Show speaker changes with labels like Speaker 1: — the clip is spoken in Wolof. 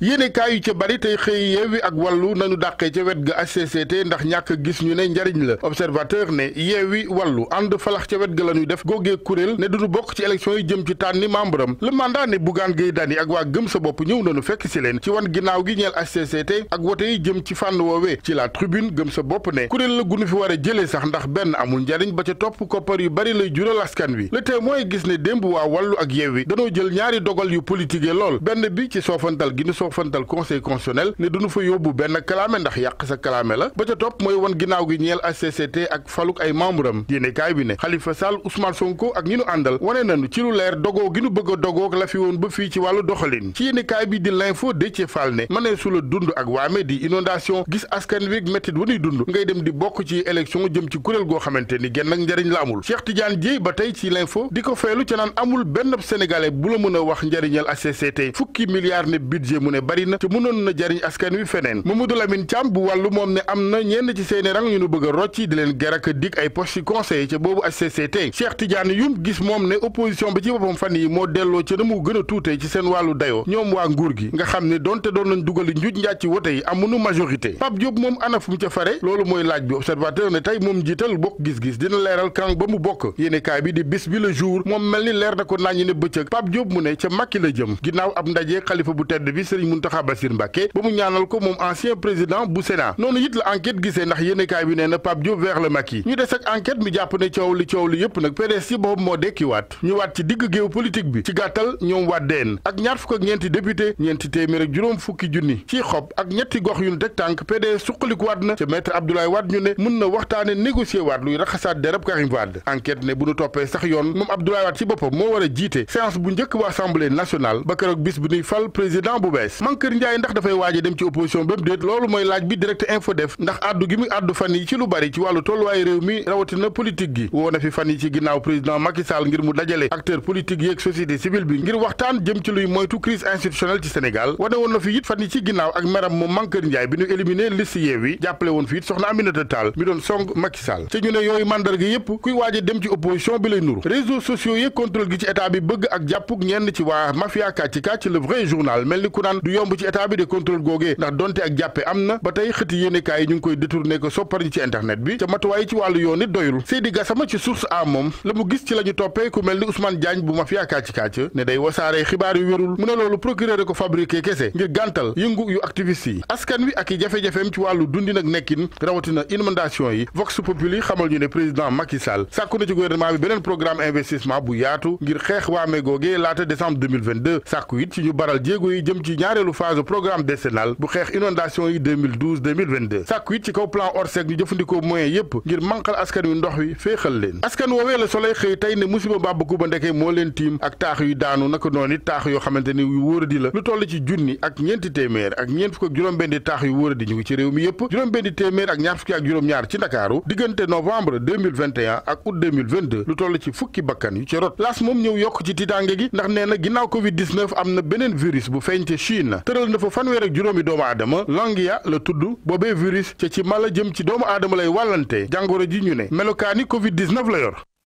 Speaker 1: yéene kaay yu ca bari tey xëy yeewi ak wàllu nañu dàqee ca wet ga HCCT ndax ñàkk gis ñu ne njariñ la observateur ne yeewi wàllu ànd falax ca wet ga la ñuy def googee kuréel ne duñu bokk ci élection yi jëm ci tànni membre am le mandat ne Bougane Gueye Dany ak waa gëm sa bopp ñëw nañu fekk si leen ci wan ginnaaw gi ñeel HCCT ak wote yi jëm ci fànn woowee ci la tribune gëm sa bopp ne kuréel la gunu fi war a jëlee sax ndax benn amul njariñ ba ca topp koppar yu bari lay jural askan wi le témoin gis ne démb waa wàllu ak yeewi danoo jël ñaari dogal yu politique lool benn bi ci soofantal gi soofantal conseil constitutionnel ne duñu fa yóbbu benn kalaame ndax yàq sa kalaame la ba ca topp mooy wan ginnaaw gi ñeel HCCT ak faluk ay membre am yéene kaay bi ne Khalifa Sall Ousmane Sonko ak ñi nu àndal wane nañu ci lu leer dogoo gi nu bëgg a dogoog la fi woon ba fii ci wàllu doxalin ci yéene kaay bi di l'info Déthié Fall ne mënee la dund ak waame di inondation gis askan wi méttit dund ngay dem di bokk ci élection jëm ci kuréel goo xamante ni genn ak njariñ la amul Cheikh Tidiane Dièye ba tey ci l'info di ko feelu ca naan amul a wax njariñal ne bari mënoon na jariñ askan wi feneen Mamadou Lamine Thiam bu wàllu moom ne am na ñenn ci seeni rang ñu nu bëgg a rocci di leen garaka dik ay poste ci conseiller ca boobu HCCT Cheikh Tidiane Youm gis moom ne opposition bi ci boppam fan yi moo delloo ci na mu gën a ci seen wàllu dayoo ñoom waa nguur gi nga xam ne donte doon nañ dugali njuuj njaaj ci wote yi amunu majorité Pape Diop moom ana ca fare loolu mooy laaj bi observateur mun Mountakha Bassir Mbacké ba mu ñaanal ko moom ancien président bu Sénat noonu it la enquête gisee ndax yéenekaay bi nee na Pape Diop vers le Macky ñu des ak enquête mi jàpp ne coow li coow li yëpp nag PDS ci boobu moo dekkiwaat ñu waat ci digg géew politique bi ci gàttal ñoom wàddeen ak ñaar fukk ak ñeenti député ñeenti téeméer ak juróom fukki junni ci xob ak ñetti gox yu ñu teg tànk PDS suqalikuwaat na ca maître Abdoulaye Wade ñu ne mun na waxtaane yoon moom Abdoulaye Wade ci boppam Mankeur Ndiaye ndax dafay waaj a dem ci opposition bépp déet loolu mooy laaj bi direct info def ndax addu gi mu addu fan yi ci lu bari ci wàllu tolluwaay réew mi rawatina politique gi woo na fi fan yi ci ginnaaw président Macky Sall ngir mu dajale acteur politique yeeg société civile bi ngir waxtaan jëm ci luy moytu crise institutionnelle ci Sénégal wane woon na fi it fan yi ci ginnaaw ak meram moom Mankeur Ndiaye bi ñu éliminé liste Yewwi jàppale woon fi a dem ci opposition ku naan naan du yomb ci état bi de contrôle googee ndax donte ak jàppe am na ba tey xëti yéenekaay yi ñu ngi koy détourné ko sopparñi ci internet bi ca matuwaay ci wàllu yoon it doyul Seydi Gassama ci source a moom la mu gis ci la toppee ku mel ni Ousmane Diagne bu mafia kàcc kàcc ne day wasaare xibaar yu wérul mu ne loolu procureur ko fabriqué kese ngir gàntal yëngu yu activiste yi askan wi ak i jafe-jafeem ci wàllu dundin ak nekkin rawatina inondation ñaareelu phase programme décennal bu xeex inondation yi 2012 ci kaw plan Orsec ñu jëfandikoo moyens yépp ngir manqal askan wi ndox wi féexal leen askan woowee soley xëy tey ne musiba bàbb kuba ndeke moo leen tiim ak taax yu daanu naka noonu taax yoo xamante ni yu wóor la lu toll ci junni ak ñeenti téeméer ak ñeent fukki ak juróom-ñaar ci Ndakaaru diggante novembre ak août lu toll ci fukki bakkan yu ci rot laas moom ñëw yokk ci tiitaange Chine tëral na fa fanweer ak juróomi doomu aadama Langia la tudd boobee virus ca ci mala jëm ci doomu aadama lay wàllante jàngoro ji ñu ne melokaani Covid 19 la yor.